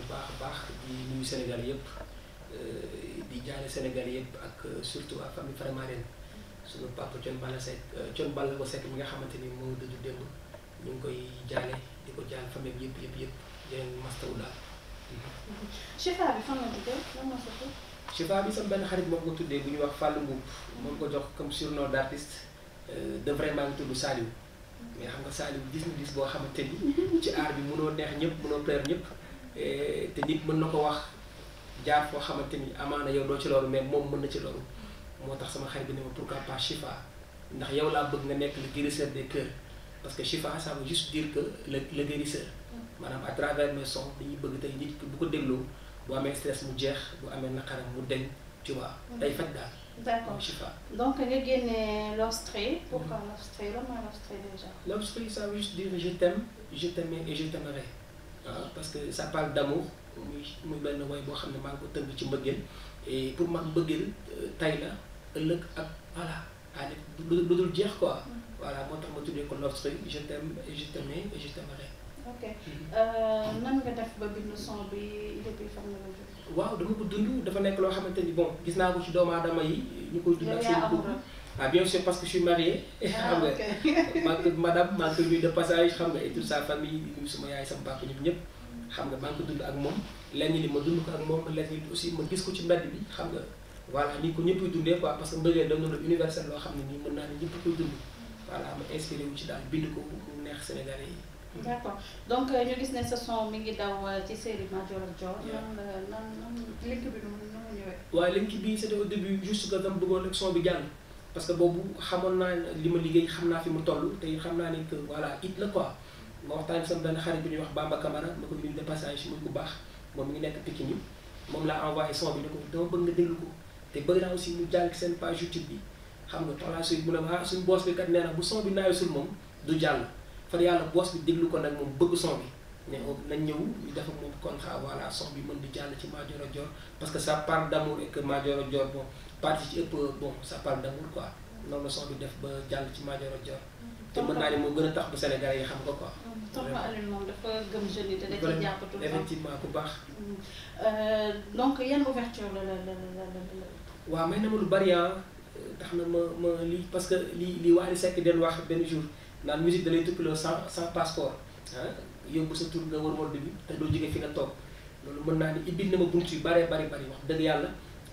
bu baax a baax di nuyu Sénégal yëpp euh, di jaale Sénégal yëpp ak euh, surtout waa famille Faramareen suñu papa Thione Balla Seck euh, Thione Balla ko Seck mi nga xamante ni moo dëddu démb ñu koy jaale di ko jaal yëpp yëpp yëpp jërëjëf mastawu daal. Mhm. Chifa bi fan la tuddee lan sa tur. xarit moo ko tuddee bu ñuy wax Fallou Mboup moom ko jox comme surnom d'artiste de vraiment ngi tudd Saliou mhm. mais xam nga Saliou gis na gis boo xamante ni ci aar bi mënoo neex ñëpp mënoo plaire ñëpp. Eh, te nit mën na ko wax jaar foo xamante ni amaana yow doo ci loolu mais moom mën na ci loolu moo tax sama xarit bi ne ma pourquoi pas Chifa ndax yow laa bëgg nga nekk le guérisseur des cœurs parce que Chifa ça veut juste dire que le le guérisseur maanaam à travers mes sons dañuy bëgg tey nit bu ko dégloo bu amee stress mu jeex bu amee naqaram mu deñ tu vois day faj daal. D'accord. Chifa. Donc, les Guinéens, l'Australie, pourquoi l'Australie Comment l'Australie déjà L'Australie, ça veut juste dire je t'aime, je t'aimais et je t'aimerai parce que ça parle d'amour muy muy benn way boo xam ne maa ngi ko tënk ci mbëggeel et pour ma mbëggeel euh, tay la ëllëg ak voilà allez lu dul jeex quoi mm-hmm. voilà moo tax ma tuddee ko L'Obstrué je t'aime et je t'aimais et je t'aimerai ok mm-hmm. euh, nan nga def ba bind son bi depuis fan nga ko waaw dama ko dund dafa nekk loo xamante ni bon gis naa ko ci doomu aadama yi ñu koy dund ak seen ah bien sûr parce que je suis marié. Ah, xam nga maa ngi madame maa ñëpp. xam nga maa ngi ko dund ak moom lenn li ma dund ko ak moom lenn li ma gis ko ci mbedd bi xam nga voilà ni ko ñëpp dundee quoi parce que mbëggeel doon na lu universel loo xam ne nii mën naa ne ñëpp koy dund. voilà ma inspiré daal bind ko mu neex Sénégalais yi. donc euh, ñu gis ne sa son mi ngi daw euh, ci série Madior ak Dior. nan la nan nan link bi nu mu ñëwee. waaw link bi dama bëggoon rek son bi jàll. parce que boobu xamoon naa li ma liggéey xam naa fi mu toll te xam naa ne que voilà it la quoi ma waxtaan sama benn xarit bu ñuy wax Bamba Camara ma ko nuyu de passage muy ku baax moom mi ngi nekk Pikine moom laa envoyé son bi ne ko dama bëgg nga déglu ko te bëgg naa aussi mu jàll seen page YouTube bi xam nga par la suite mu ne ma ah, suñu boos bi kat nee na bu son bi naayosul moom du jàll far yàlla boos bi déglu ko nag moom bëgg son bi. ne nañ ñëw ñu def ak moom contrat voilà sox bi mën di jàll ci Madior Dior parce que ça parle d'amour et que Madior Dior bon parti ci ëpp bon ça parle d'amour quoi noonu la sox bi def ba jàll ci Madior Dior. te mën naa ne moo gën a tax ba Sénégal yi xam ko quoi. Tamba Alioune moom dafa gëm jeunes yi te da ciy jàpp tout effectivement ku baax. Mm-hmm. Euh, donc yan ouverture la la la la la. waaw may na ma lu bari ah. tax na ma ma lii parce que li li Wally Seck den wax benn jour naan musique da lay tukki loo sans sans passeport ah. yóbbu sa tur nga war war bi te doo jógee fi nga toog loolu mën naa ni ibbil na ma bunt yu baree bari bari wax dëgg yàlla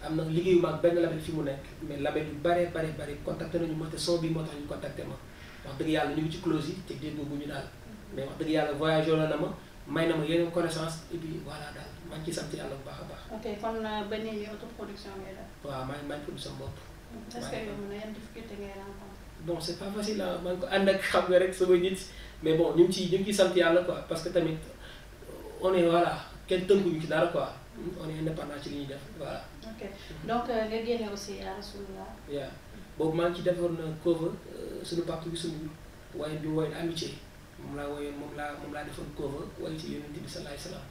am na liggéeyu ma ak benn label fi mu nekk mais label yu baree bari bari contacté nañu ma te son bi moo tax ñu contacté ma wax dëgg yàlla ñu ngi ci close yi te déggoo bu ñu daal mais wax dëgg yàlla voyageur la na ma may na ma yeneen connaissance et puis voilà daal maa ngi ciy sant yàlla bu baax a baax. ok kon euh, ba léegi autoproduction ngay def. waaw maa ngi maa ngi tudd bopp. est-ce que yow mën na yan difficulté ngay rencontré. bon c'est pas facile ah maa ngi ko ànd ak xam nga rek sama nit mais bon ñu ngi ciy ñu ngi ciy sant yàlla quoi parce que tamit on est voilà kenn tënkuñu ci dara quoi on est indépendant ci ñuy def voilà. ok donc euh, nga génne aussi à Rasulullah. waaw boobu maa ngi ci defoon euh, cover euh, suñu papa bi suñu waaye bi woyoon amitié moom laa woyoon moom laa moom laa defoon cover waaye ci yonent bi salaay salaam.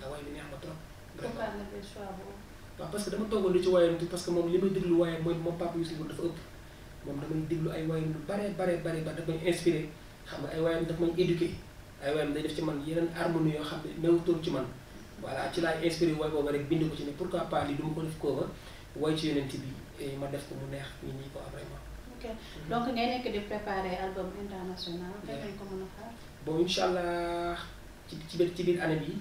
waaw waaye bi neex ma trop. vraiment pourquoi nga jël choix boobu. waaw parce que dama toogoon di ci waayam parce que moom li may déglu waayam mooy moom papa bi suñu dafa ëpp moom damay déglu ay waayam lu bare bare bare ba damay inspiré. xam nga ay waayam daf may éduqué ay waayam day def ci man yeneen harmonie yoo xam ne néewutul ci man voilà ci laay inspiré way booba rek bind ko ci ne pourquoi pas lii du ko def koo way ci yonent bi ma def ko mu neex nit ñi ko vraiment. ok donc ngay nekk di préparer album international. fekk ko mën a xaar. bon incha allah ci ci biir ci biir année bi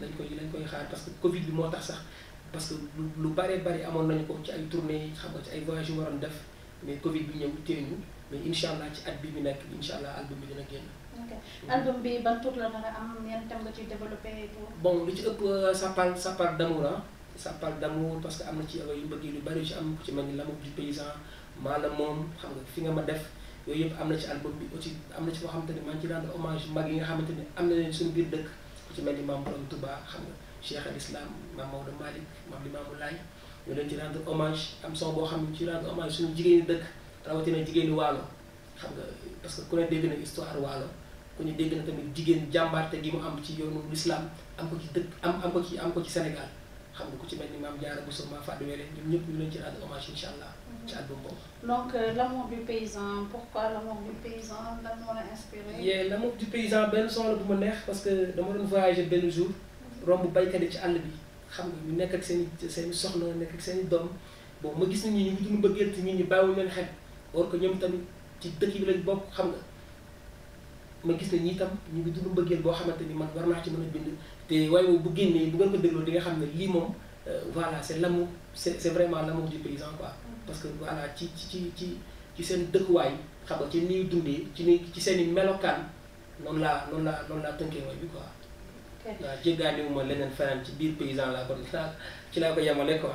lañ koy lañ koy xaar parce que Covid bi moo tax sax parce que lu lu bare bare amoon nañu ko ci ay tournées xam nga ci def mais Covid bi ñëw téye mais incha allah ci at bi bi nekk incha allah album bi dina génn. album bi ban la nar a am yan tam nga ciy développé pour. bon lu ci ëpp euh, ça parle ça parle d'amour ah ça parle d'amour parce que am na ci yu mbëggeel yu bari am ku ci mel ni l'amour du moom xam nga fi nga ma def yooyu am na ci album bi aussi am na ci loo xamante ne maa ngi ci rendre hommage mag yi nga xamante ne am na leen suñu biir dëkk ku ci mel ni maam Borom Touba xam nga Cheikh al Islam maam Maodo Malick maam Limamou Laye ñoo leen ci rendre hommage am soo boo xam ne ci rendre hommage suñu jigéen dëkk. rawatina jigéenu waalo xam nga parce que ku ne dégg na histoire waalo ku ne dégg na tamit jigéen jàmbaarte gi mu am ci yoonu l'islam am ko ci dëkk am am ko ci am ko Sénégal xam nga ku ci mel ni maam Diarra Bousso maam Fadou Wele ñun ñëpp ñu leen ci rendre hommage incha allah. Mhm. ci album boobu. donc euh, l'amour du paysan pourquoi l'amour du paysan lan la inspiré. yee paysan benn son la bu ma neex parce que dama doon voyager benn jour mhm. romb baykat yi ci àll bi xam nga ñu nekk ak seen i seen i soxna nekk ak seen i doom bon ma gis nit ñi ñu ngi dund bëggeel te nit ñi bàyyiwuñu or que ñoom tamit ci dëkk yi lañ bokk xam nga ma gis ne ñi tam ñu ngi dund mbëggeel boo xamante ni man war naa ci mën a bind te waaye bu génnee bu ngeen ko dégloo di nga xam ne lii moom euh, voilà la mu se c'est vraiment l'amour du paysan quoi parce que voilà ci ci ci ci seen dëkkuwaay xam nga ci niy dundee ci ni ci seen i melokaan noonu laa noonu laa noonu laa tënkee way bi quoi waaw jéggaaniwu ma leneen fanaan ci biir paysan laa ko ci laa ko yemale quoi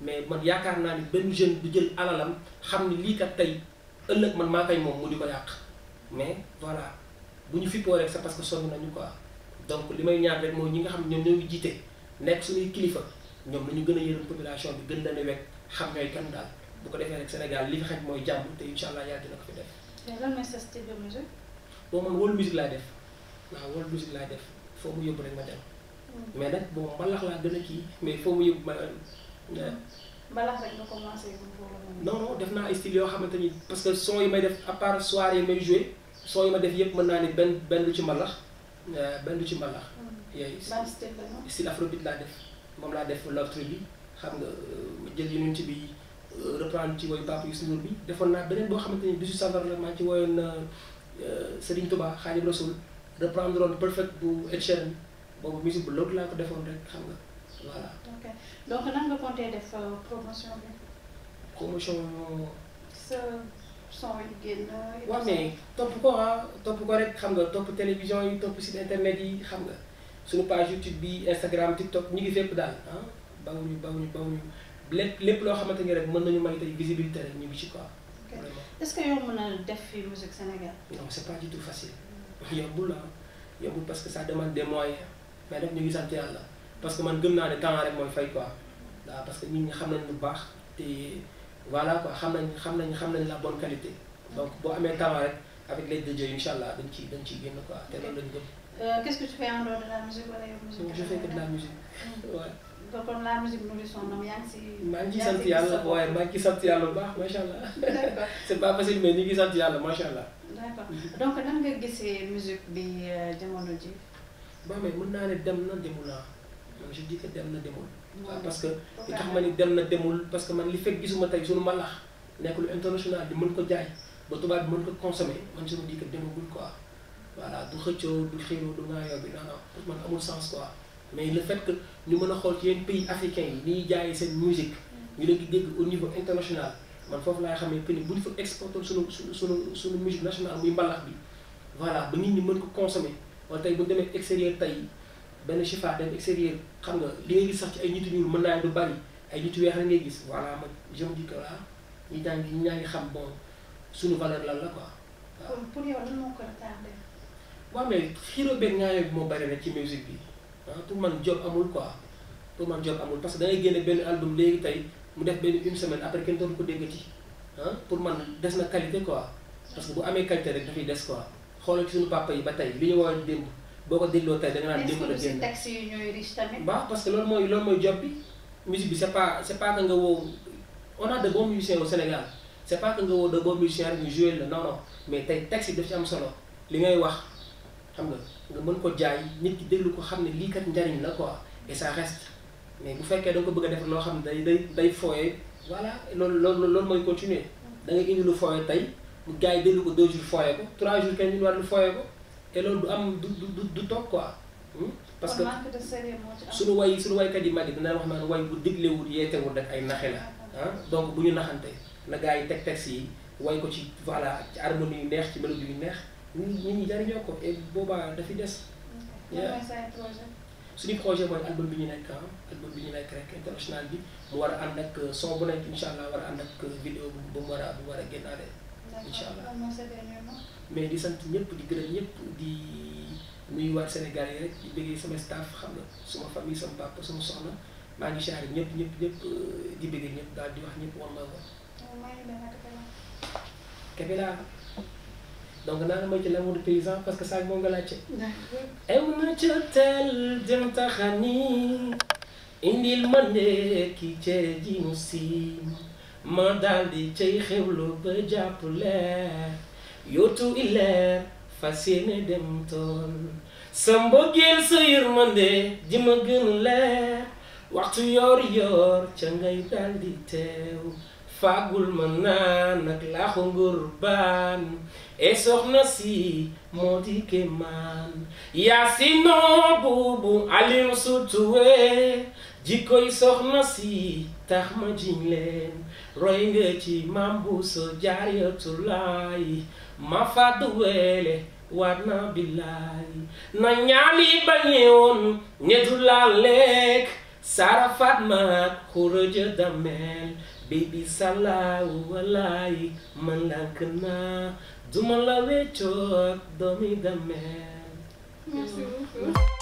mais man yaakaar naa ni benn jeune du jël alalam xam ni lii kat tey ëllëg man maa koy moom mu di ko yàq mais voilà bu ñu fippoo rek c'est parce que sonn nañu quoi donc li may ñaan rek mooy ñi nga xam ñoom ñoo ngi jiite nekk suñuy kilifa ñoom la ñu gën a yërëm population bi gën leen a wekk xam ñooy kan daal bu ko defee rek Sénégal li fi xaj mooy jàmm te incha allah yàlla dina ko fi def. mais lan mooy sa style man world music laay def waaw world music laay def foo mu yóbbu rek ma dem. Mm. mais nag bon mbalax laa gën kii mais foo mu ma. mbalax rek nga commencé non def naa ay style yoo xamante ni parce que son yi may def à part soirée yi may joué son yi ma def yëpp mën naa ne benn benn lu ci mbalax euh, benn lu ci mbalax. Hmm. yooyu si afrobeat laa def moom laa def love trip bi xam nga euh, jël unité bi euh, reprendre ci woyu Pape Youssou Ndour bi defoon naa beneen boo xamante ni bisu safar la maa ci woyoon Serigne Touba Khadim Rasoul reprendre woon perfect bu Ed Sheeran boobu musique bu loolu laa ko defoon rek xam nga. voilà donc nan nga compter def euh, promotion bi. promotion. Euh, sa son yu génn. waaw mais topp ko ah topp ko rek xam nga top télévision yi top site internet yi xam nga suñu page YouTube bi Instagram TikTok ñu ngi fépp daal ah bawuñu bawuñu bawuñu lépp lépp loo xamante ni rek mën nañu may tey visibilité rek ñu ngi ci quoi. est-ce que yow mën na def fi musique Sénégal. non c'est pas du tout facile. yombul ah yombul parce que ça demande des moyens mais nag ñu ngi sant yàlla parce que man gëm naa ne temps rek mooy fay quoi da parce que nit ñi xam nañ lu baax te voilà quoi xam nañ xam nañ xam nañ la bonne qualité donc boo amee temps rek avec l'aide de Dieu incha allah dañ ci dañ ci génn quoi te loolu lañ gëm. Euh, qu'est-ce que tu fais en dehors de la musique wala yow musique. je fais que de la musique mm. ouais. donc kon la musique nous son homme yaa ngi si. maa ngi ciy sant yàlla waaye maa ngi sant yàlla bu baax macha allah. d'accord c'est pas facile mais ñu ngi sant yàlla macha allah. d'accord donc nan nga gisee musique bi euh, jamono ji. bon mais mën naa ne dem na demu naa je dis que dem parce que parce que man li gisuma sunu lu international di ko consommer je me dis que demagul quoi. voilà du xëccoo du du ngaayoo bi non non man amul sens quoi mais le fait que ñu mën a pays africain yi ni musique ñu leen au niveau international man foofu xamee que ni bu ñu sunu musique nationale voilà ba consommer wala tey bu extérieur benn chifa dem extérieur xam nga li ngay gis sax ci ay nit ñuul mën naa du bari ay nit weex la ngay gis voilà man je me dis que voilà ñi jàng ñi xam bon suñu valeur lan la quoi. waaw pour yow lan moo ko retardé. waaw mais moo bari rek ci musique bi ah pour man job amul quoi pour man job amul parce que da ngay génne benn album léegi tey mu def benn une semaine après kenn dootu ko déggati ci ah, pour man des na qualité quoi parce que bu amee qualité rek dafay des quoi xoolal suñu papa yi ba tey li ñu waroon démb. boo ko dégloo tey da nga naan démb la génn texte yi ñooy riche tamit. waaw bah, parce que loolu mooy loolu mooy job musique bi c' pas c'est pas que nga woo on a de bons musiciens au Sénégal c'est pas que nga woo de bons musiciens rek ñu joué non non mais tey taxi yi daf ci am solo li ngay wax xam nga nga mën ko jaay nit ki déglu ko xam ne kat njariñ la quoi et ça reste mais bu fekkee da nga ko bëgg a def loo xam day day day voilà loolu loolu loolu mooy continuer da nga indi lu fooyee tey gars yi déglu ko deux jours fooyee ko trois jours kenn ñu war lu fooyee ko. te loolu du am du du du toog quoi. Hmm? parce que su suñu way suñu waykat yi mag yi dina wax naan way bu diglewul yeetewul rek ay naxe la ah, ah donc bu ñu naxante na gars yi teg texte yi way ko ci voilà ci harmonie yu neex ci bi yu neex nit ñi jariñoo ko et boobaa dafi des. suñu projet mooy album bi ñu nekk ah album bi ñu nekk rek international bi mu war a ànd ak euh, son bu nekk incha allah war a ànd ak euh, vidéo bu mu war a bu war a génnaale incha allah mais di sant ñëpp di gërëm ñëpp di nuyu waa Sénégal yi rek di bëggee sama staff xam na sama famille sama papa sama soxna maa ngi siyaare ñëpp ñëpp euh, di bëggee ñëpp daal di wax ñëpp la may ci l'amour du paysan parce que saa moom nga laajte. ew ceeb ji mu ma daal di cay xewlu ba jàpp leer yootu i leer fas yéene dem tool sa mbëggeel sa yërmande ji ma leer waxtu yoor yoor ca ngay teew fàggul ma naan ak laaxu ngurbaan e soxna si moo di kéemaan yaa si noobu bu alim sutuwee jikkoy soxna si tax ma jiñ leen roy nga ci maam buuso jaariyatulaay ma fàddu weele waat na billaay na ñaali bañewoon ñetu laa lekk sara fatma xurëja dameel bibi salaawu walaay man lànk naa duma la weccoog doomi dameel